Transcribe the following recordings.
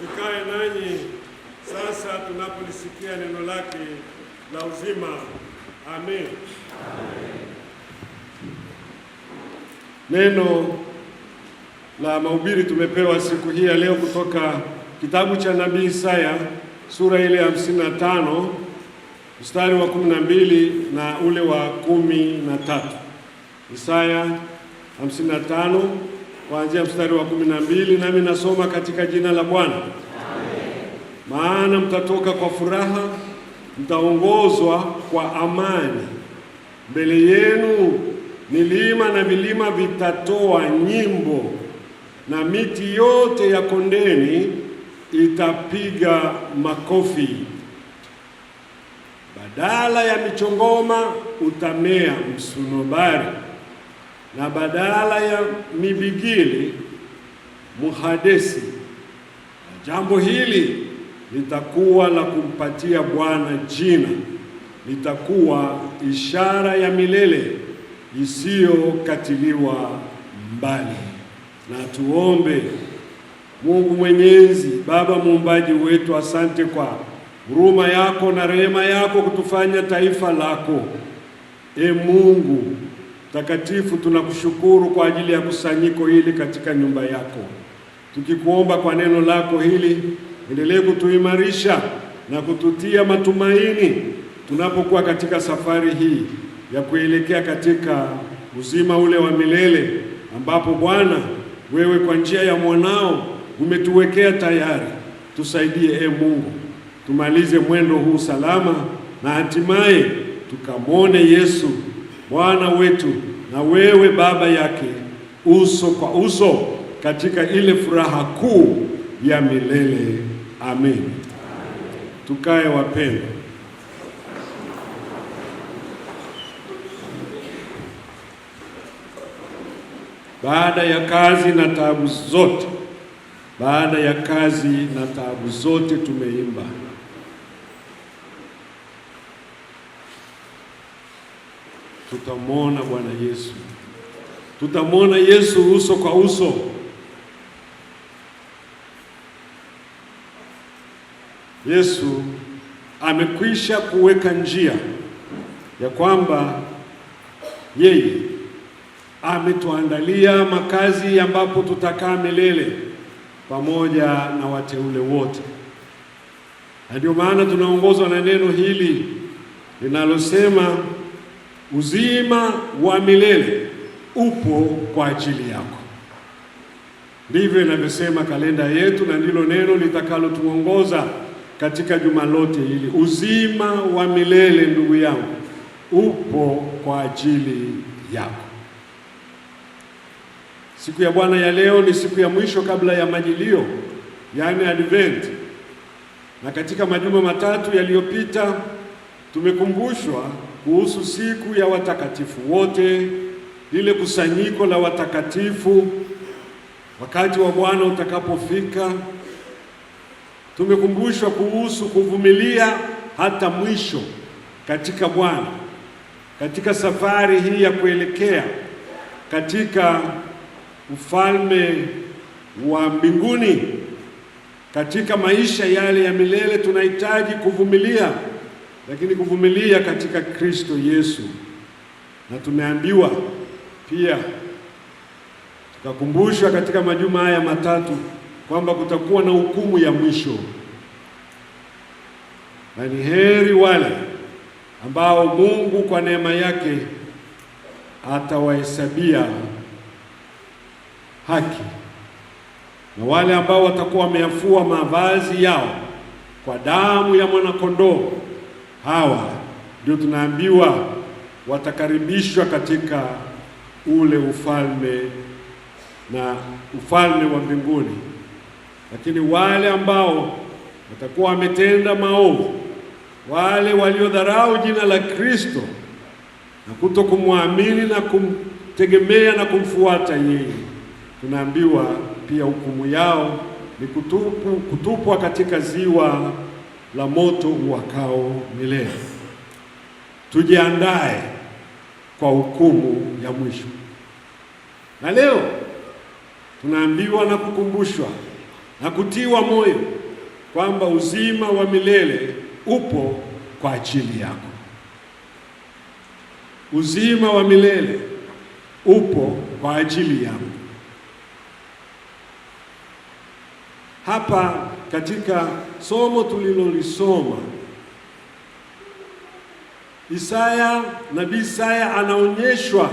tukae nanyi sasa tunapolisikia neno lake la uzima. Amen. Neno la mahubiri tumepewa siku hii ya leo kutoka kitabu cha nabii Isaya sura ile ya 55 mstari wa 12 na ule wa kumi na tatu. Isaya 55 kuanzia mstari wa kumi na mbili nami nasoma katika jina la Bwana. Maana mtatoka kwa furaha, mtaongozwa kwa amani. Mbele yenu milima na vilima vitatoa nyimbo, na miti yote ya kondeni itapiga makofi. Badala ya michongoma utamea msunobari na badala ya mibigili muhadesi. Na jambo hili litakuwa la kumpatia Bwana jina, litakuwa ishara ya milele isiyokatiliwa mbali. Na tuombe. Mungu Mwenyezi, Baba muumbaji wetu, asante kwa huruma yako na rehema yako kutufanya taifa lako. E Mungu Takatifu, tunakushukuru kwa ajili ya kusanyiko hili katika nyumba yako, tukikuomba kwa neno lako hili endelee kutuimarisha na kututia matumaini tunapokuwa katika safari hii ya kuelekea katika uzima ule wa milele ambapo Bwana wewe kwa njia ya mwanao umetuwekea tayari. Tusaidie e Mungu, tumalize mwendo huu salama na hatimaye tukamwone Yesu Bwana wetu na wewe Baba yake uso kwa uso katika ile furaha kuu ya milele. Amen. Tukae wapendwa. Baada ya kazi na taabu zote, baada ya kazi na taabu zote tumeimba tutamwona Bwana Yesu, tutamwona Yesu uso kwa uso. Yesu amekwisha kuweka njia ya kwamba yeye ametuandalia makazi ambapo tutakaa milele pamoja na wateule wote, na ndio maana tunaongozwa na neno hili linalosema Uzima wa milele upo kwa ajili yako. Ndivyo inavyosema kalenda yetu, na ndilo neno litakalotuongoza katika juma lote hili. Uzima wa milele, ndugu yangu, upo kwa ajili yako. Siku ya Bwana ya leo ni siku ya mwisho kabla ya majilio, yaani Advent, na katika majuma matatu yaliyopita tumekumbushwa kuhusu siku ya watakatifu wote, lile kusanyiko la watakatifu, wakati wa Bwana utakapofika. Tumekumbushwa kuhusu kuvumilia hata mwisho katika Bwana, katika safari hii ya kuelekea katika ufalme wa mbinguni. Katika maisha yale ya milele tunahitaji kuvumilia lakini kuvumilia katika Kristo Yesu. Na tumeambiwa pia tukakumbushwa katika majuma haya matatu kwamba kutakuwa na hukumu ya mwisho, na ni heri wale ambao Mungu kwa neema yake atawahesabia haki na wale ambao watakuwa wameyafua mavazi yao kwa damu ya mwanakondoo hawa ndio tunaambiwa watakaribishwa katika ule ufalme na ufalme wa mbinguni. Lakini wale ambao watakuwa wametenda maovu, wale waliodharau jina la Kristo na kuto kumwamini na kumtegemea na kumfuata yeye, tunaambiwa pia hukumu yao ni kutupu, kutupwa katika ziwa la moto uwakao milele. Tujiandae kwa hukumu ya mwisho. Na leo tunaambiwa na kukumbushwa na kutiwa moyo kwamba uzima wa milele upo kwa ajili yako. Uzima wa milele upo kwa ajili yako. Hapa katika somo tulilolisoma Isaya, nabii Isaya anaonyeshwa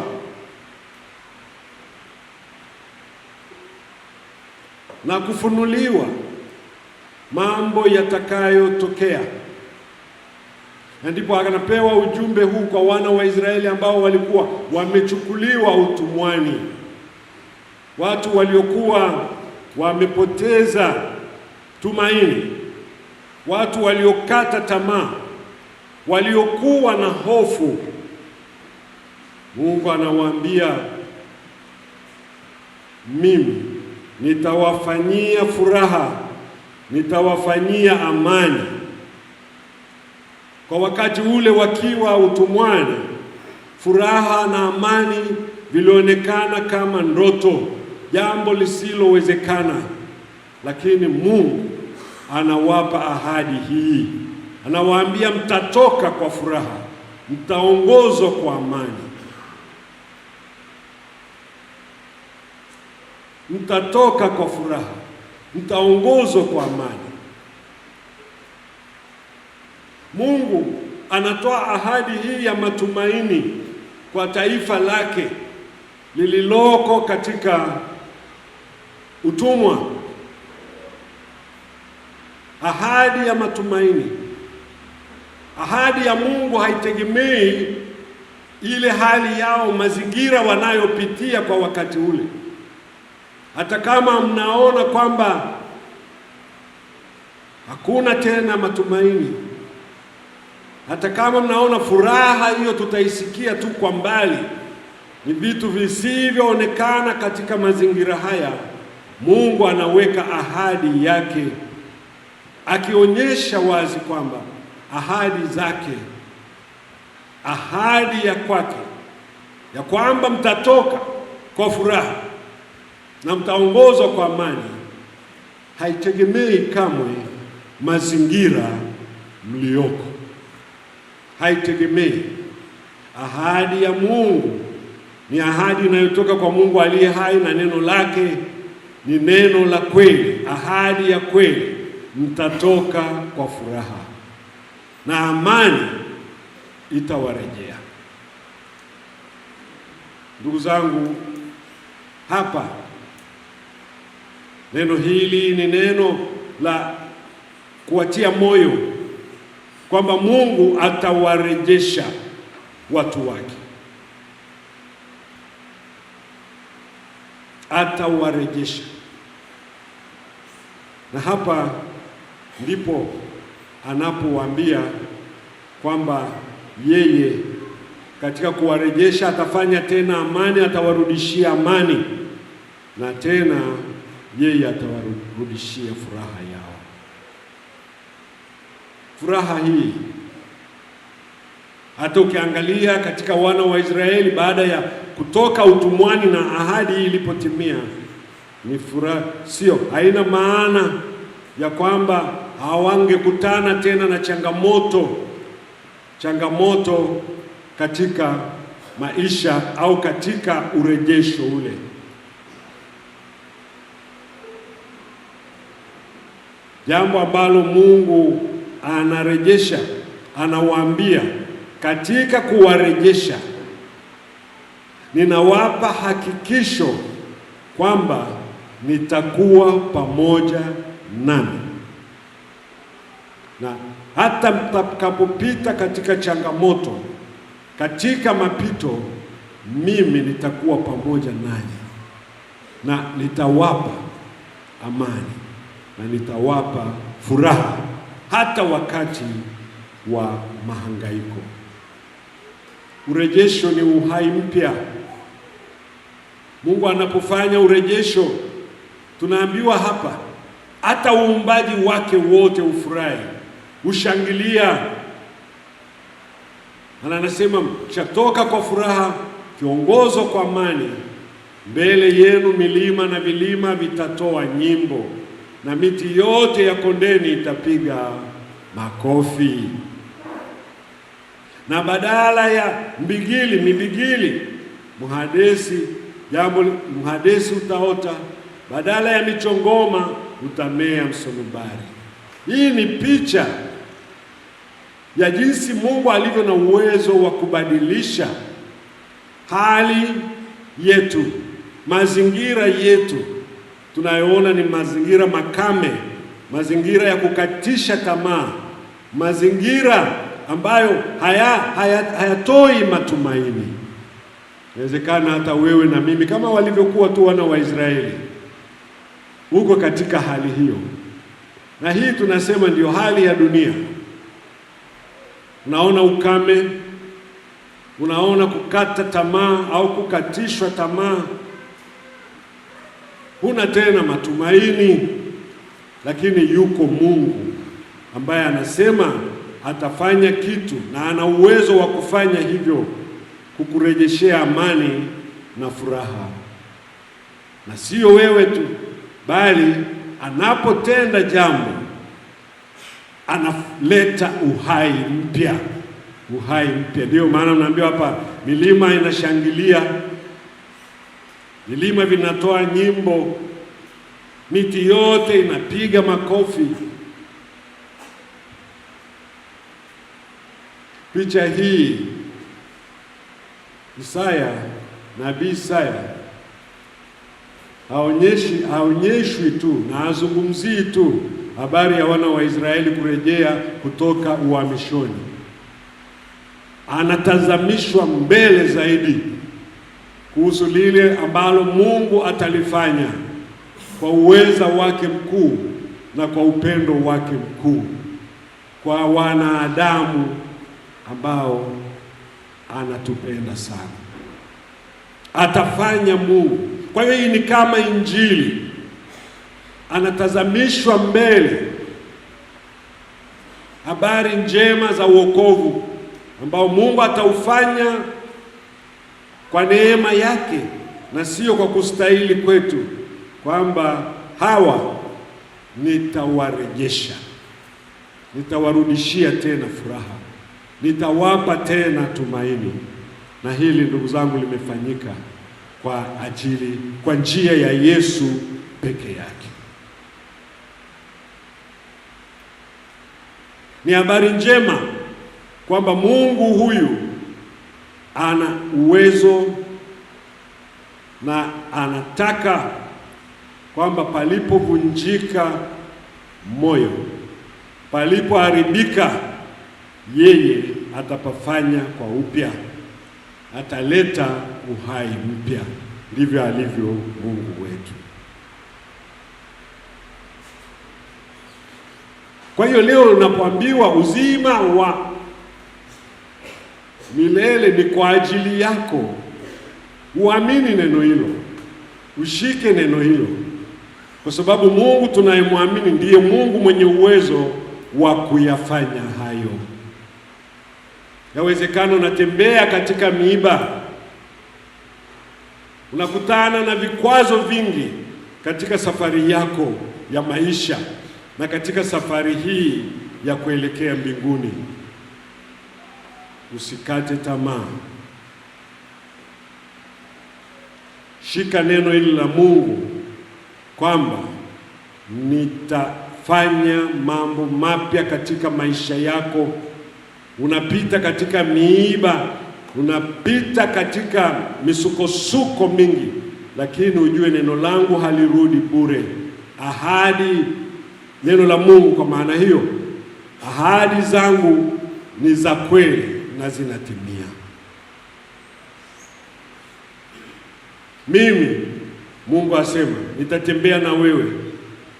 na kufunuliwa mambo yatakayotokea, na ndipo anapewa ujumbe huu kwa wana wa Israeli ambao walikuwa wamechukuliwa utumwani, watu waliokuwa wamepoteza tumaini, watu waliokata tamaa, waliokuwa na hofu. Mungu anawaambia mimi nitawafanyia furaha, nitawafanyia amani. Kwa wakati ule wakiwa utumwani, furaha na amani vilionekana kama ndoto, jambo lisilowezekana, lakini Mungu anawapa ahadi hii, anawaambia mtatoka kwa furaha, mtaongozwa kwa amani, mtatoka kwa furaha, mtaongozwa kwa amani. Mungu anatoa ahadi hii ya matumaini kwa taifa lake lililoko katika utumwa ahadi ya matumaini. Ahadi ya Mungu haitegemei ile hali yao, mazingira wanayopitia kwa wakati ule. Hata kama mnaona kwamba hakuna tena matumaini, hata kama mnaona furaha hiyo tutaisikia tu kwa mbali, ni vitu visivyoonekana katika mazingira haya. Mungu anaweka ahadi yake akionyesha wazi kwamba ahadi zake, ahadi ya kwake ya kwamba mtatoka kwa furaha na mtaongozwa kwa amani haitegemei kamwe mazingira mlioko haitegemei. Ahadi ya Mungu ni ahadi inayotoka kwa Mungu aliye hai, na neno lake ni neno la kweli, ahadi ya kweli mtatoka kwa furaha na amani itawarejea. Ndugu zangu, hapa neno hili ni neno la kuwatia moyo kwamba Mungu atawarejesha watu wake, atawarejesha na hapa ndipo anapowaambia kwamba yeye katika kuwarejesha atafanya tena amani, atawarudishia amani na tena yeye atawarudishia furaha yao. Furaha hii hata ukiangalia katika wana wa Israeli baada ya kutoka utumwani na ahadi hii ilipotimia, ni furaha, sio haina maana ya kwamba hawangekutana tena na changamoto changamoto katika maisha au katika urejesho ule. Jambo ambalo Mungu anarejesha, anawaambia katika kuwarejesha, ninawapa hakikisho kwamba nitakuwa pamoja nami na hata mtakapopita katika changamoto, katika mapito, mimi nitakuwa pamoja nanyi na nitawapa amani na nitawapa furaha hata wakati wa mahangaiko. Urejesho ni uhai mpya. Mungu anapofanya urejesho, tunaambiwa hapa hata uumbaji wake wote ufurahi hushangilia, ana anasema chatoka kwa furaha, kiongozwa kwa amani, mbele yenu milima na vilima vitatoa nyimbo na miti yote ya kondeni itapiga makofi, na badala ya mbigili mibigili muhadesi jambo mhadesi utaota, badala ya michongoma utamea msonobari. Hii ni picha ya jinsi Mungu alivyo na uwezo wa kubadilisha hali yetu, mazingira yetu tunayoona ni mazingira makame, mazingira ya kukatisha tamaa, mazingira ambayo haya hayatoi haya matumaini. Inawezekana hata wewe na mimi kama walivyokuwa tu wana wa Israeli, uko katika hali hiyo, na hii tunasema ndiyo hali ya dunia unaona ukame, unaona kukata tamaa au kukatishwa tamaa, huna tena matumaini, lakini yuko Mungu ambaye anasema atafanya kitu na ana uwezo wa kufanya hivyo, kukurejeshea amani na furaha. Na sio wewe tu, bali anapotenda jambo analeta uhai mpya, uhai mpya. Ndiyo maana unaambiwa hapa milima inashangilia, vilima vinatoa nyimbo, miti yote inapiga makofi. Picha hii Isaya, nabii Isaya haonyeshi haonyeshwi tu na hazungumzii tu habari ya wana wa Israeli kurejea kutoka uhamishoni. Anatazamishwa mbele zaidi kuhusu lile ambalo Mungu atalifanya kwa uweza wake mkuu na kwa upendo wake mkuu kwa wanadamu ambao anatupenda sana, atafanya Mungu. Kwa hiyo hii ni kama injili anatazamishwa mbele habari njema za uokovu ambao Mungu ataufanya kwa neema yake na sio kwa kustahili kwetu, kwamba hawa nitawarejesha, nitawarudishia tena furaha, nitawapa tena tumaini. Na hili ndugu zangu, limefanyika kwa ajili, kwa njia ya Yesu peke yake. Ni habari njema kwamba Mungu huyu ana uwezo na anataka kwamba palipovunjika moyo, palipoharibika, yeye atapafanya kwa upya, ataleta uhai mpya. Ndivyo alivyo Mungu wetu. Kwa hiyo leo unapoambiwa uzima wa milele ni kwa ajili yako, uamini neno hilo, ushike neno hilo, kwa sababu Mungu tunayemwamini ndiye Mungu mwenye uwezo wa kuyafanya hayo. Yawezekana unatembea katika miiba, unakutana na vikwazo vingi katika safari yako ya maisha na katika safari hii ya kuelekea mbinguni usikate tamaa. Shika neno hili la Mungu kwamba nitafanya mambo mapya katika maisha yako. Unapita katika miiba, unapita katika misukosuko mingi, lakini ujue neno langu halirudi bure. Ahadi neno la Mungu. Kwa maana hiyo, ahadi zangu ni za kweli na zinatimia. Mimi Mungu asema, nitatembea na wewe,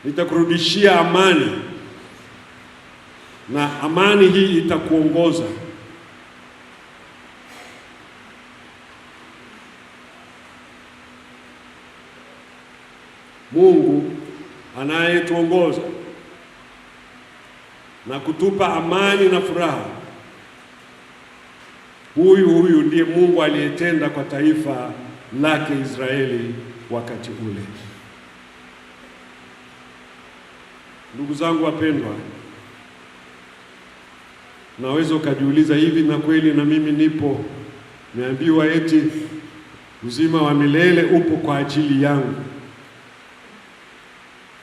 nitakurudishia amani, na amani hii itakuongoza. Mungu anayetuongoza na kutupa amani na furaha. Huyu huyu ndiye Mungu aliyetenda kwa taifa lake Israeli wakati ule. Ndugu zangu wapendwa, naweza ukajiuliza hivi, na kweli na mimi nipo niambiwa eti uzima wa milele upo kwa ajili yangu.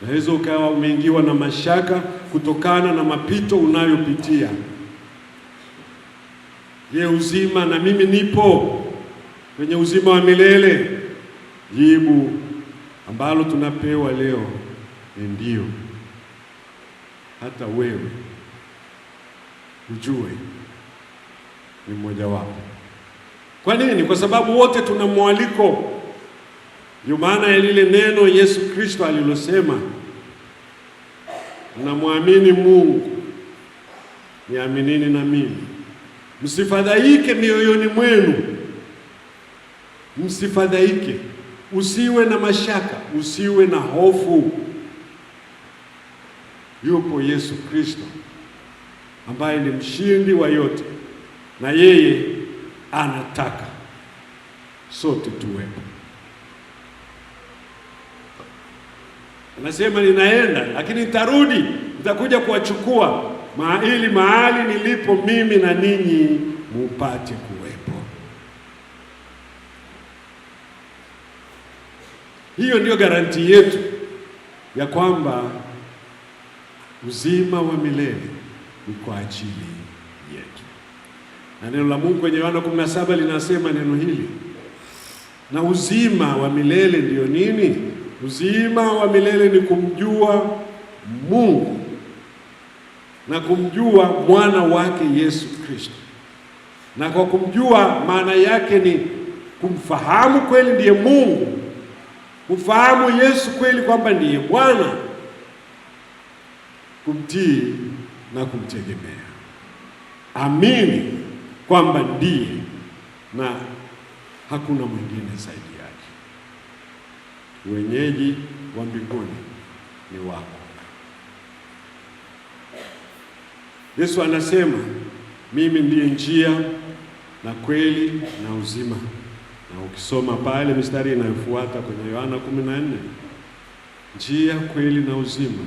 Naweza ukawa umeingiwa na mashaka kutokana na mapito unayopitia. Je, uzima na mimi nipo kwenye uzima wa milele? Jibu ambalo tunapewa leo ni ndio. Hata wewe ujue ni mmoja wapo. Kwa nini? Kwa sababu wote tuna mwaliko. Ndio maana ya lile neno Yesu Kristo alilosema mnamwamini Mungu, niaminini na mimi. Msifadhaike mioyoni mwenu, msifadhaike, usiwe na mashaka, usiwe na hofu. yupo Yesu Kristo ambaye ni mshindi wa yote, na yeye anataka sote tuwepo. Anasema ninaenda, lakini nitarudi, nitakuja kuwachukua ili mahali nilipo mimi na ninyi mupate kuwepo. Hiyo ndiyo garanti yetu ya kwamba uzima wa milele ni kwa ajili yetu, na neno la Mungu kwenye Yohana 17 linasema neno hili, na uzima wa milele ndiyo nini? Uzima wa milele ni kumjua Mungu na kumjua mwana wake Yesu Kristo. Na kwa kumjua, maana yake ni kumfahamu kweli ndiye Mungu, kumfahamu Yesu kweli kwamba ndiye Bwana, kumtii na kumtegemea, amini kwamba ndiye na hakuna mwingine zaidi wenyeji wa mbinguni ni wako. Yesu anasema mimi ndiye njia na kweli na uzima, na ukisoma pale mistari inayofuata kwenye Yohana kumi na nne njia, kweli na uzima,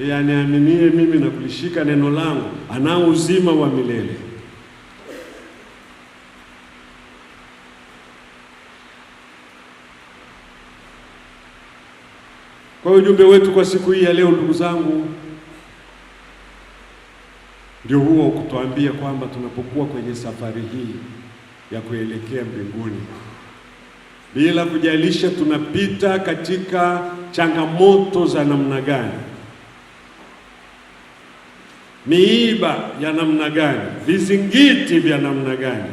yeye aniaminie mimi na kulishika neno langu anao uzima wa milele Kwa hiyo ujumbe wetu kwa siku hii ya leo, ndugu zangu, ndio huo kutuambia kwamba tunapokuwa kwenye safari hii ya kuelekea mbinguni, bila kujalisha tunapita katika changamoto za namna gani, miiba ya namna gani, vizingiti vya namna gani,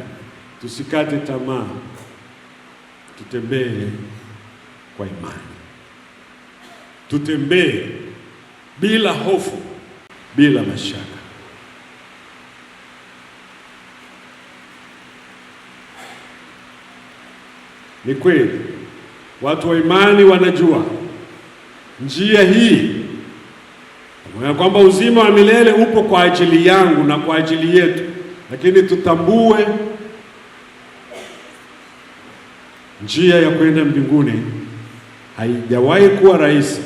tusikate tamaa, tutembee kwa imani tutembee bila hofu, bila mashaka. Ni kweli watu wa imani wanajua njia hii, pamoja kwamba uzima wa milele upo kwa ajili yangu na kwa ajili yetu, lakini tutambue njia ya kwenda mbinguni haijawahi kuwa rahisi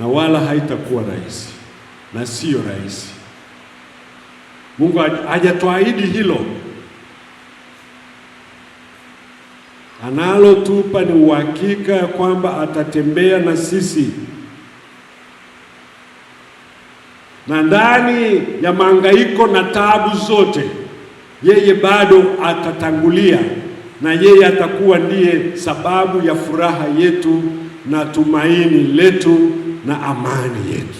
na wala haitakuwa rahisi na siyo rahisi. Mungu hajatuahidi hilo, analotupa ni uhakika ya kwamba atatembea na sisi, na ndani ya mahangaiko na taabu zote, yeye bado atatangulia na yeye atakuwa ndiye sababu ya furaha yetu na tumaini letu na amani yetu.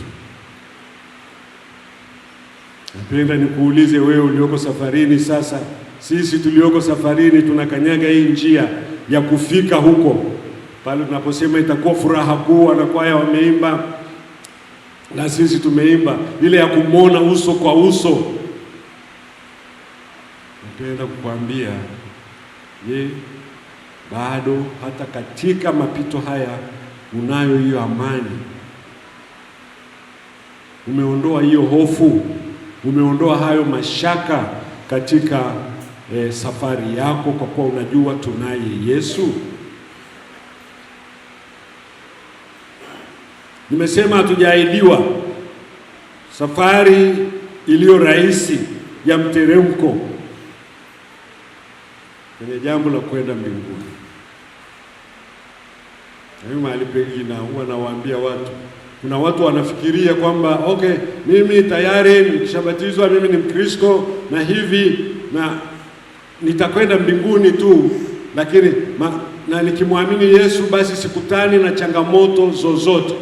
Napenda nikuulize wewe ulioko safarini sasa, sisi tulioko safarini tunakanyaga hii njia ya kufika huko. Pale tunaposema itakuwa furaha kuu, wanakwaya wameimba na sisi tumeimba ile ya kumwona uso kwa uso. Napenda kukwambia ye bado hata katika mapito haya unayo hiyo amani umeondoa hiyo hofu, umeondoa hayo mashaka katika eh, safari yako, kwa kuwa unajua tunaye Yesu. Nimesema hatujaahidiwa safari iliyo rahisi ya mteremko kwenye jambo la kwenda mbinguni. Mimi yaani mahali pengine huwa nawaambia watu kuna watu wanafikiria kwamba okay, mimi tayari nikishabatizwa mimi ni Mkristo na hivi na nitakwenda mbinguni tu, lakini ma, na nikimwamini Yesu basi sikutani na changamoto zozote.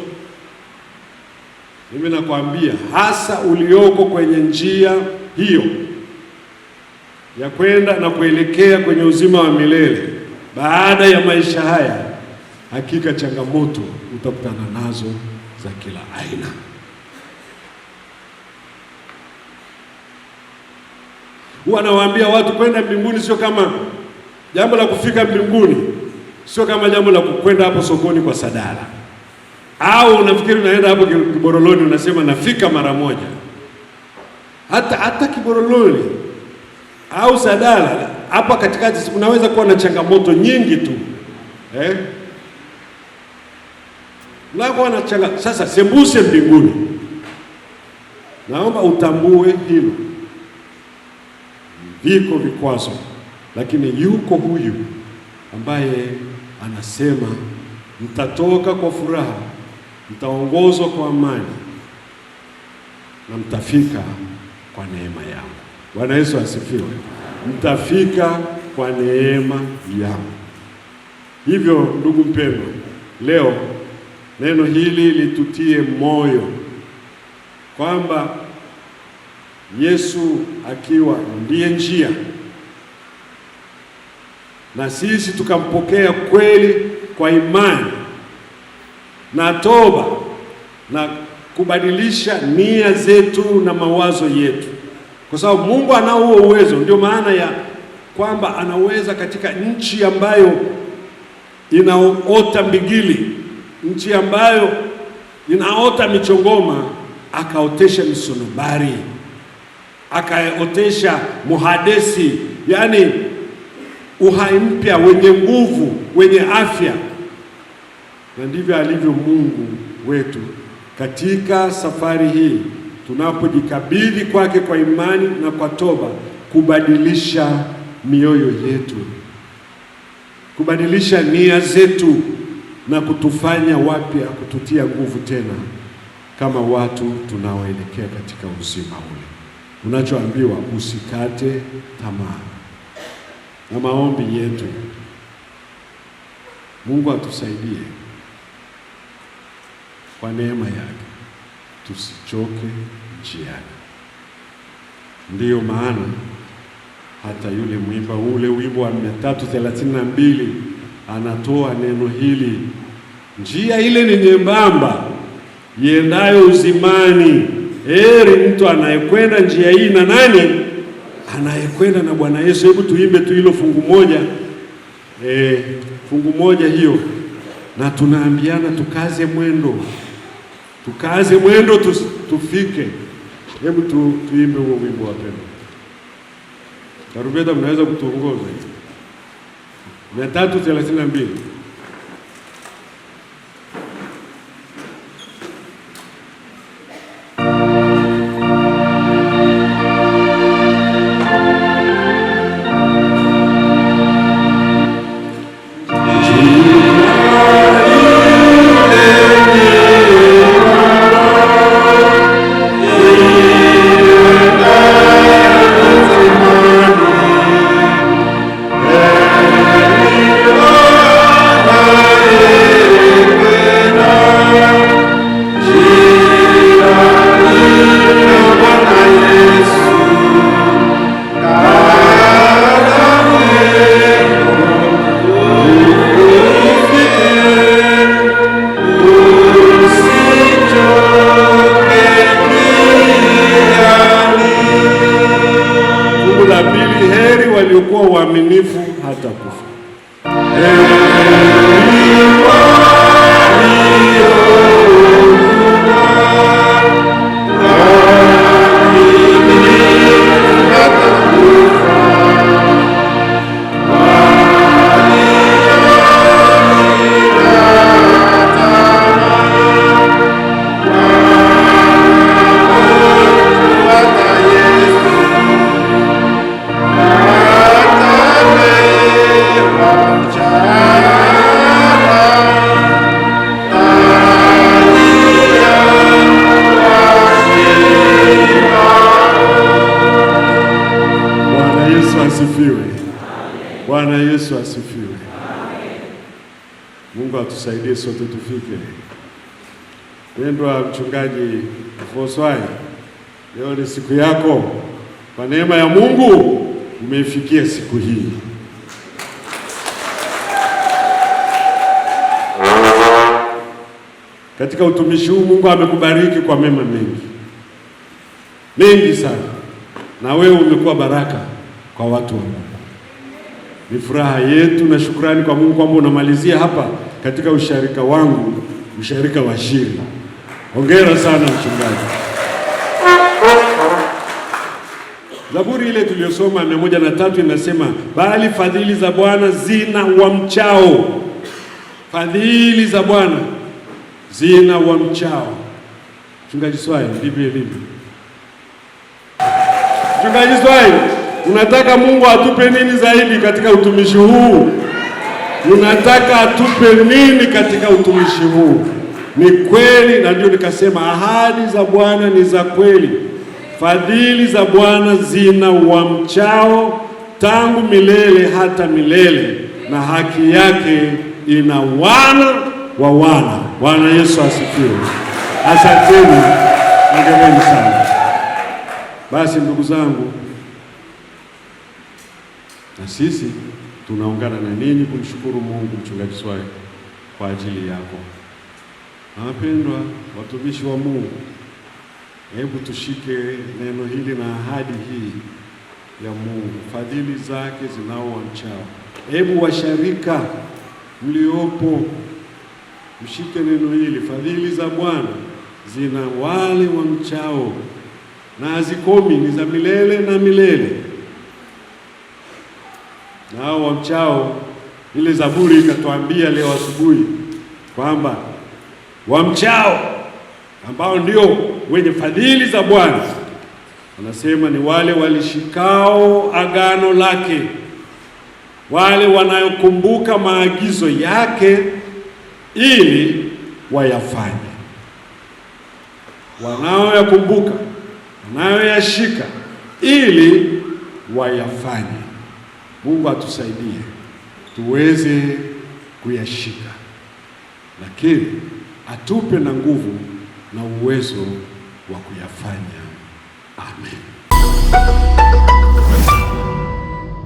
Mimi nakwambia hasa ulioko kwenye njia hiyo ya kwenda na kuelekea kwenye uzima wa milele baada ya maisha haya, hakika changamoto utakutana nazo za kila aina. nawaambia watu kwenda mbinguni sio kama jambo la kufika mbinguni, sio kama jambo la kukwenda hapo sokoni kwa sadara, au unafikiri unaenda hapo Kiboroloni unasema nafika mara moja. Hata hata Kiboroloni au sadala hapa katikati unaweza kuwa na changamoto nyingi tu eh? lako anachanga sasa, sembuse mbinguni. Naomba utambue hilo, viko vikwazo, lakini yuko huyu ambaye anasema mtatoka kwa furaha, mtaongozwa kwa amani na mtafika kwa neema yangu. Bwana Yesu asifiwe. Mtafika kwa neema yangu. Hivyo ndugu mpendwa, leo Neno hili litutie moyo kwamba Yesu akiwa ndiye njia na sisi tukampokea kweli kwa imani na toba na kubadilisha nia zetu na mawazo yetu, kwa sababu Mungu ana huo uwezo. Ndio maana ya kwamba anaweza katika nchi ambayo inaota mbigili nchi ambayo inaota michongoma akaotesha misonobari akaotesha muhadesi, yaani uhai mpya wenye nguvu, wenye afya. Na ndivyo alivyo Mungu wetu katika safari hii, tunapojikabidhi kwake kwa imani na kwa toba, kubadilisha mioyo yetu, kubadilisha nia zetu na kutufanya wapya, kututia nguvu tena kama watu tunaoelekea katika uzima ule. Unachoambiwa, usikate tamaa. Na maombi yetu, Mungu atusaidie kwa neema yake, tusichoke njiani. Ndiyo maana hata yule mwimba ule wimbo wa mia tatu thelathini na mbili anatoa neno hili njia ile ni nyembamba iendayo uzimani. Heri mtu anayekwenda njia hii na nani anayekwenda na Bwana Yesu. Hebu tuimbe tu hilo fungu moja, e, fungu moja hiyo, na tunaambiana tukaze mwendo, tukaze mwendo tu, tufike. Hebu tu, tuimbe huo wimbo wapendwa. Tarumbeta mnaweza kutuongoza mia tatu thelathini na mbili. waliokuwa waaminifu hata kufa. Ee. sote tufike. Pendwa mchungaji Foswai, leo ni siku yako, kwa neema ya Mungu umeifikia siku hii. Katika utumishi huu Mungu amekubariki kwa mema mengi mengi sana, na wewe umekuwa baraka kwa watu wa Mungu. Ni furaha yetu na shukrani kwa Mungu kwamba unamalizia hapa katika usharika wangu, usharika wa Shiri. Hongera sana mchungaji. Zaburi ile tuliyosoma mia moja na tatu inasema bali fadhili za Bwana zina wamchao, fadhili za Bwana zina wamchao. Mchungaji Swai, ndivyo ilivyo. Mchungaji Swai, unataka Mungu atupe nini zaidi katika utumishi huu? unataka atupe nini katika utumishi huu? Ni kweli, na ndio nikasema ahadi za Bwana ni za kweli. Fadhili za Bwana zina uamchao tangu milele hata milele, na haki yake ina wana wa wana. Bwana Yesu asifiwe. Asanteni, ongereni sana. Basi ndugu zangu, na sisi tunaungana na nini kumshukuru Mungu mchungaji Swai kwa ajili yako. Wapendwa watumishi wa Mungu, hebu tushike neno hili na ahadi hii ya Mungu, fadhili zake zinao mchao. Hebu washarika mliopo mshike neno hili, fadhili za Bwana zina wale wa mchao na hazikomi, ni za milele na milele na hao wamchao. Ile Zaburi ikatuambia leo asubuhi kwamba wamchao ambao ndio wenye fadhili za Bwana wanasema ni wale walishikao agano lake, wale wanayokumbuka maagizo yake ili wayafanye, wanaoyakumbuka, wanayoyashika ili wayafanye. Mungu atusaidie tuweze kuyashika, lakini atupe na nguvu na uwezo wa kuyafanya. Amen.